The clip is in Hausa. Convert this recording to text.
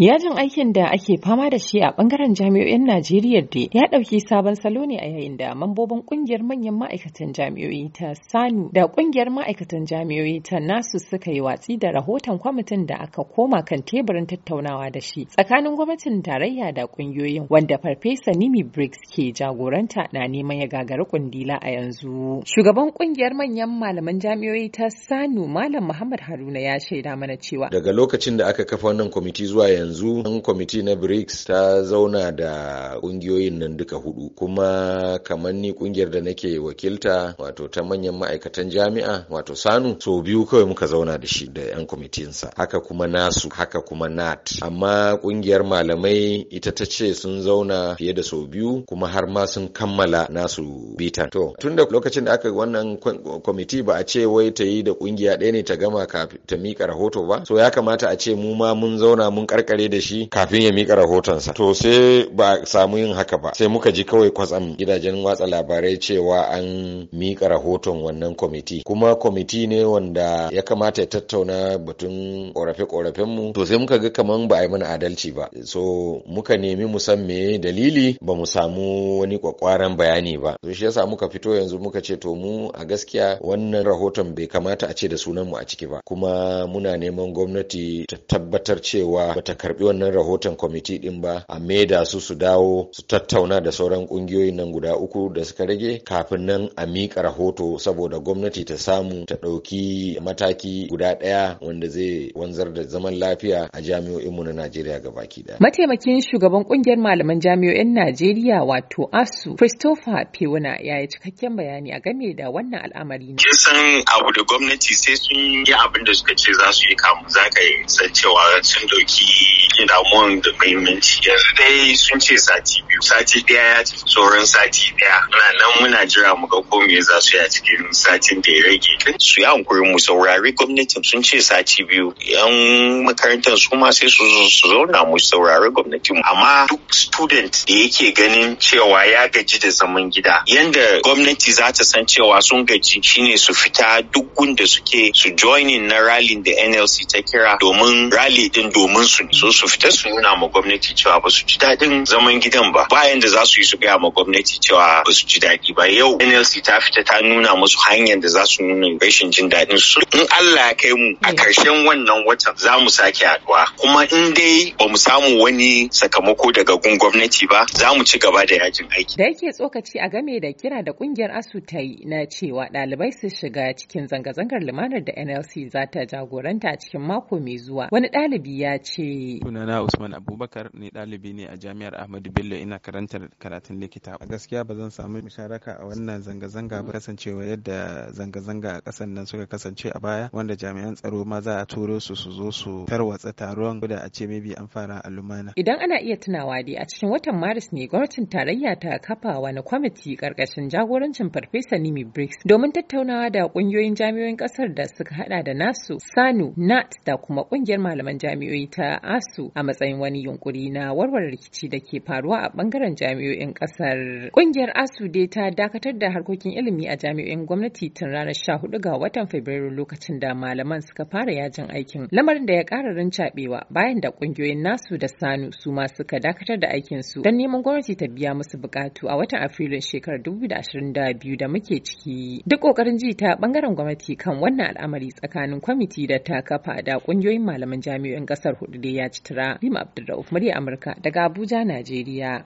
Yajin aikin da ake fama da shi a bangaren jami'o'in Najeriya da ya ɗauki sabon salo ne a yayin da mambobin ƙungiyar manyan ma'aikatan jami'o'i ta Sanu da kungiyar ma'aikatan jami'o'i ta Nasu suka yi watsi da rahoton kwamitin da aka koma kan teburin tattaunawa da shi tsakanin gwamnatin tarayya da kungiyoyin wanda Farfesa Nimi Briggs ke jagoranta na neman ya gagari kundila a yanzu. Shugaban ƙungiyar manyan malaman jami'o'i ta Sanu Malam Muhammad Haruna ya shaida mana cewa daga lokacin da aka kafa wannan kwamiti zuwa yanzu yanzu an kwamiti na BRICS ta zauna da kungiyoyin nan duka hudu kuma kamar ni kungiyar da nake wakilta wato ta manyan ma'aikatan jami'a wato SANU so biyu kawai muka zauna da shi da yan kwamitinsa haka kuma nasu haka kuma NAT amma kungiyar malamai ita ta ce sun zauna fiye da sau biyu kuma har ma sun kammala nasu bitan to tunda lokacin da aka wannan kwamiti ba a ce wai ta yi da kungiya ɗaya ne ta gama ta mika rahoto ba so ya kamata a ce mu ma mun zauna mun karkare la'akari da shi kafin ya mika rahotonsa to sai ba samu yin haka ba sai muka ji kawai kwatsam gidajen watsa labarai cewa an mika rahoton wannan kwamiti kuma kwamiti ne wanda ya kamata ya tattauna batun korafe-korafen mu to sai muka ga kaman ba a yi mana adalci ba so muka nemi mu san me dalili ba mu samu wani kwakwaran bayani ba to shi yasa muka fito yanzu muka ce to mu a gaskiya wannan rahoton bai kamata a ce da sunan mu a ciki ba kuma muna neman gwamnati ta tabbatar cewa bata karbi wannan rahoton kwamiti din ba a maida su su dawo su tattauna da sauran kungiyoyin nan guda uku da suka rage kafin nan a miƙa rahoto saboda gwamnati ta samu ta ɗauki mataki guda ɗaya wanda zai wanzar da zaman lafiya a jami'o'inmu na Najeriya ga ɗaya. Mataimakin shugaban kungiyar malaman jami'o'in Najeriya wato ASU Christopher Pewuna ya yi cikakken bayani a game da wannan al'amari. Kin san abu da gwamnati sai sun yi abin da suka ce za su yi kamun za ka san cewa sun ɗauki ke damuwan da muhimmanci yanzu dai sun ce sati biyu sati ɗaya ya ci tsoron sati ɗaya na nan muna jira mu ga ko me za su yi a cikin satin da ya rage su ya hankuri mu saurari gwamnatin sun ce sati biyu yan makarantar su ma sai su su zauna mu saurari gwamnatin amma duk student da yake ganin cewa ya gaji da zaman gida yanda gwamnati za ta san cewa sun gaji shine su fita duk gunda suke su in na rally da NLC ta kira domin rally din domin su so su fita su nuna ma gwamnati cewa ba su ji daɗin zaman gidan ba bayan da za su yi su gaya ma gwamnati cewa ba su ji daɗi ba yau NLC ta fita ta nuna musu hanyar da za su nuna rashin jin daɗin su in Allah ya kai mu a ƙarshen wannan watan za mu sake haɗuwa kuma in dai ba mu samu wani sakamako daga gun gwamnati ba za mu ci gaba da yajin aiki. Da yake tsokaci a game da kira da ƙungiyar ASU ta yi na cewa ɗalibai su shiga cikin zanga-zangar lumanar da NLC za ta jagoranta cikin mako mai zuwa wani ɗalibi ya ce. sunana usman abubakar ni ɗalibi ne a jami'ar ahmadu bello ina karantar karatun likita a gaskiya ba zan samu musharaka a wannan zanga-zanga ba kasancewa yadda zanga-zanga a kasan nan suka kasance a baya wanda jami'an tsaro ma za a turo su su zo su tarwatsa taron da a ce maybe an fara a lumana idan ana iya tunawa dai a cikin watan maris ne gwamnatin tarayya ta kafa wani kwamiti karkashin jagorancin farfesa nimi briggs domin tattaunawa da ƙungiyoyin jami'oyin ƙasar da suka hada da nasu sanu nat da kuma ƙungiyar malaman jami'oyi ta asu a matsayin wani yunkuri na warware rikici da ke faruwa a bangaren jami'o'in kasar. Kungiyar ASU dai ta dakatar da harkokin ilimi a jami'o'in gwamnati tun ranar 14 ga watan Fabrairu lokacin da malaman suka fara yajin aikin. Lamarin da ya ƙara rincaɓewa bayan da kungiyoyin nasu da Sanu su ma suka dakatar da aikin su don neman gwamnati ta biya musu bukatu a watan Afrilun shekarar 2022 da muke ciki. Duk kokarin ji ta bangaren gwamnati kan wannan al'amari tsakanin kwamiti da ta kafa da kungiyoyin malaman jami'o'in kasar hudu da ya ci Sutura Lima Abdulrauf murya Amurka daga Abuja, Najeriya.